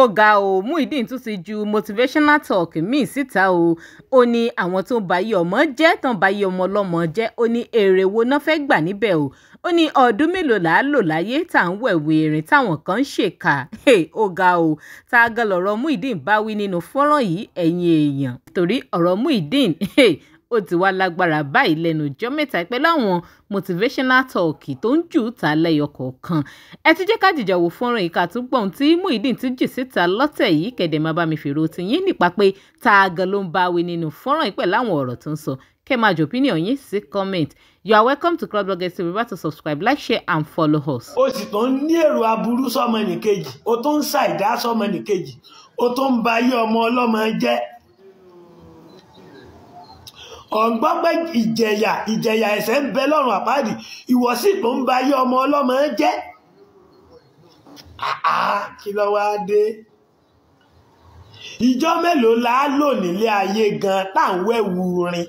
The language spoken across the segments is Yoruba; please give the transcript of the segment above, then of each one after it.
ó ga o Muyideen tún ti ju motivational talk míì síta o ó ní àwọn tó ń bayí ọmọ jẹ́ tán bayí ọmọ ọlọ́mọ jẹ́ ó ní èrè wo náà fẹ́ gbà níbẹ̀ o ó ní ọdún mélòó là á lò láyé tá à ń wẹ̀wẹ̀ erin táwọn kan ń ṣèkà ó ga o tá a gan lọ̀rọ̀ Muyideen bá wí nínú fọ́nrán yìí ẹ̀yin èèyàn torí ọ̀rọ̀ Muyideen ó ti wá lágbára báyìí lẹ́nu ọjọ́ mẹ́ta pẹ̀lú àwọn motivational talk tó ń jù ta lẹ́yọ kọ̀ọ̀kan ẹ ti jẹ́ ká jìjà wò fọ́nrán yìí ká tún gbọ́n tí Muyideen ti jì síta lọ́tẹ̀ yìí kẹ̀dẹ̀ máa bá mi fèrò ti yín nípa pé ta gan ló ń bá wí nínú fọ́nrán yìí pẹ̀lú ọ̀rọ̀ tó ń sọ kẹ́ máa jò opinion yín sí comment you are welcome to CloudBloggers TV remember to subscribe like share and follow us. ó sì tó ń ní èrò aburú sọmọ nìkejì ó tó ń ṣàìdá sọmọ nìkejì ó tó ń ba ayé ọmọ ọlọ́mọ jẹ́ kò ń gbọ́ pé ìjẹ̀yà ìjẹ̀yà ẹ̀ṣẹ̀ ń bẹ lọ́rùn àpáàdì ìwọ sì tó ń ba ayé ọmọ ọlọ́mọ jẹ́ kí ló wá dé ìjọ mélòó la lò nílé ayé gan tá à ń wẹ̀wù rin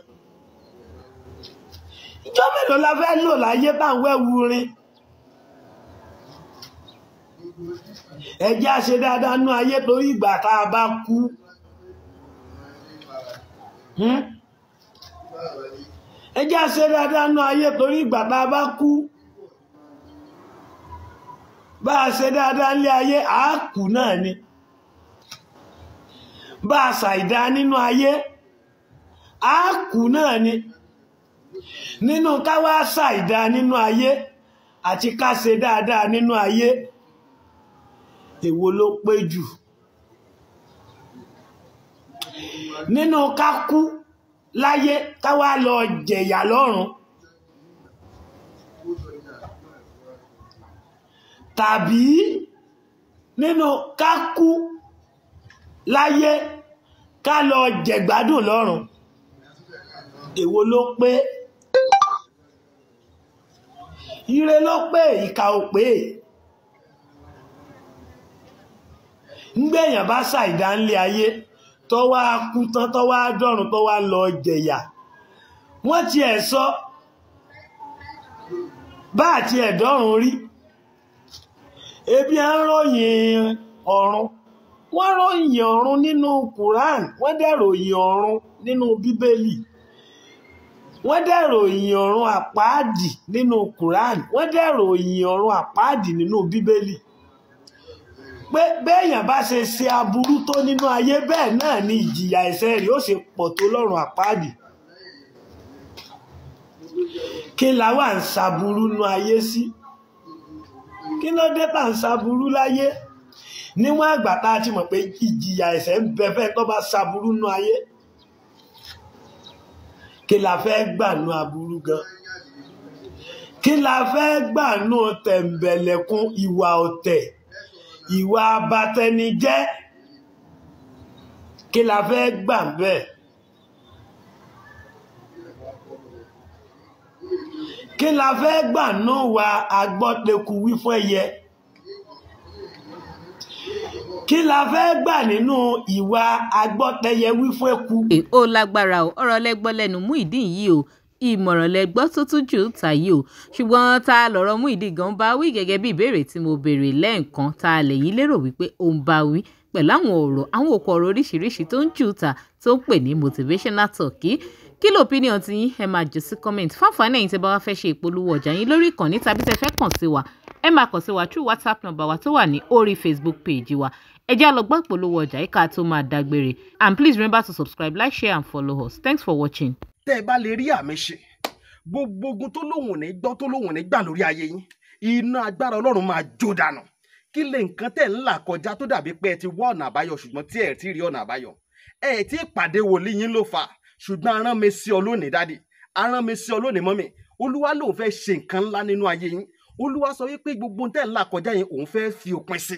ìjọ mélòó la fẹ́ lò láyé tá à ń wẹ̀wù rin ẹ jẹ́ dáadáa nú ayé torí ìgbà tá a bá kú. Hmm? ẹ jẹ́ àṣẹ dáadáa nú ayé torí bàbá bá kú bá a ṣe dáadáa nílé ayé á kú náà ni bá a ìdá nínú ayé á kú náà ni nínú ká wá ìdá nínú ayé àti ká ṣe dáadáa nínú ayé èwo ló pé jù nínú ká kú. láyé káwá lọ jẹ̀yà lọ́rùn. tàbí nínú kákú láyé ká lọ jẹ̀gbádùn lọ́rùn. èwo ló pé ire ló pé ìkà ò pé ń gbẹ̀yàn bá ṣàìdá ńlé ayé. tó wá kú tán tó wá dọ̀run tó wá lọ jẹ̀yà wọ́n ti ẹ̀ sọ bá àti ẹ̀dọ́run rí ebi à ń ròyìn ọ̀run wọ́n ròyìn ọ̀run nínú Quran wọ́n dẹ̀ ròyìn ọ̀run nínú bíbélì wọ́n dẹ̀ ròyìn ọ̀run àpáàdì nínú Quran wọ́n dẹ̀ ròyìn ọ̀run àpáàdì nínú bíbélì pé béèyàn bá ṣe ṣe aburú tó nínú ayé bẹ́ẹ̀ náà ni ìjìyà ẹ̀ṣẹ̀ rẹ̀ ó ṣe pọ̀ tó lọ́rùn àpáàdì kí làwa ń ṣaburú nínú ayé sí kí ló dé tá ń ṣaburú láyé níwọ̀n àgbà tá a ti mọ̀ pé ìjìyà ẹ̀ṣẹ̀ ń bẹ fẹ́ tó bá ṣaburú nínú ayé kí la fẹ́ gbà nú aburú gan kí la fẹ́ gbà nú tẹ̀m̀bẹ̀lẹ̀kún ìwà ọ̀tẹ̀ ìwà abatẹnijẹ́ kí la fẹ́ gbà bẹ́ẹ̀ kí la fẹ́ gbà náà wa agbọ́tẹ̀kù wí fún ẹyẹ kí la fẹ́ gbà nínú ìwà agbọ́tẹ̀yẹ wí fún ẹkù. ó lágbára o ọ̀rọ̀ lẹ́gbọ́lẹ́nu Muyideen yìí o ìmọ̀ràn lẹ gbọ́ tó tún jù tàyí o ṣùgbọ́n ta lọ̀rọ̀ Muyideen gan bá wí gẹ́gẹ́ bí ìbéèrè tí mo béèrè lẹ́ẹ̀kan ta lẹ̀yin lérò wípé ó ń bá wí pẹ̀lú àwọn ọ̀rọ̀ àwọn òkò ọ̀rọ̀ oríṣiríṣi tó ń jù ta tó ń pè ní motivational talk kí ló opinion ti yín ẹ máa jù sí comment fáfáàní ẹ̀yin tí bá wá fẹ́ ṣe ìpolówó ọjà yín lórí ìkànnì tàbí tẹ́ fẹ́ kàn sí wa ẹ máa kàn sí wa through whatsapp number wa tó wà ní orí facebook page wa ẹ já lọ gbọ́ ìpolówó ọjà yìí ká tó máa dágbére and please remember to subscribe like share and follow us thanks for watching tẹ́ ẹ bá lè rí àmì ṣe gbogbo ogun tó lóhùn ní gbọ́ tó lóhùn ní gbà lórí ayé yín iná agbára ọlọ́run máa jó dànù kí lè nǹkan tẹ̀ ń là kọjá tó dàbí pé ẹ ti wá ọ̀nà àbáyọ ṣùgbọ́n tí ẹ ti rí ọ̀nà àbáyọ ẹ ti pàdé wòlíì yín ló fà ṣùgbọ́n arán mi sí ọ lónìí dádì arán mi sí ọ lónìí mọ́mì olúwa lòun fẹ́ ṣe nǹkan ńlá nínú ayé yín olúwa sọ wípé gbogbo tẹ̀ ń là kọjá yẹn òun fẹ́ fi òpin sí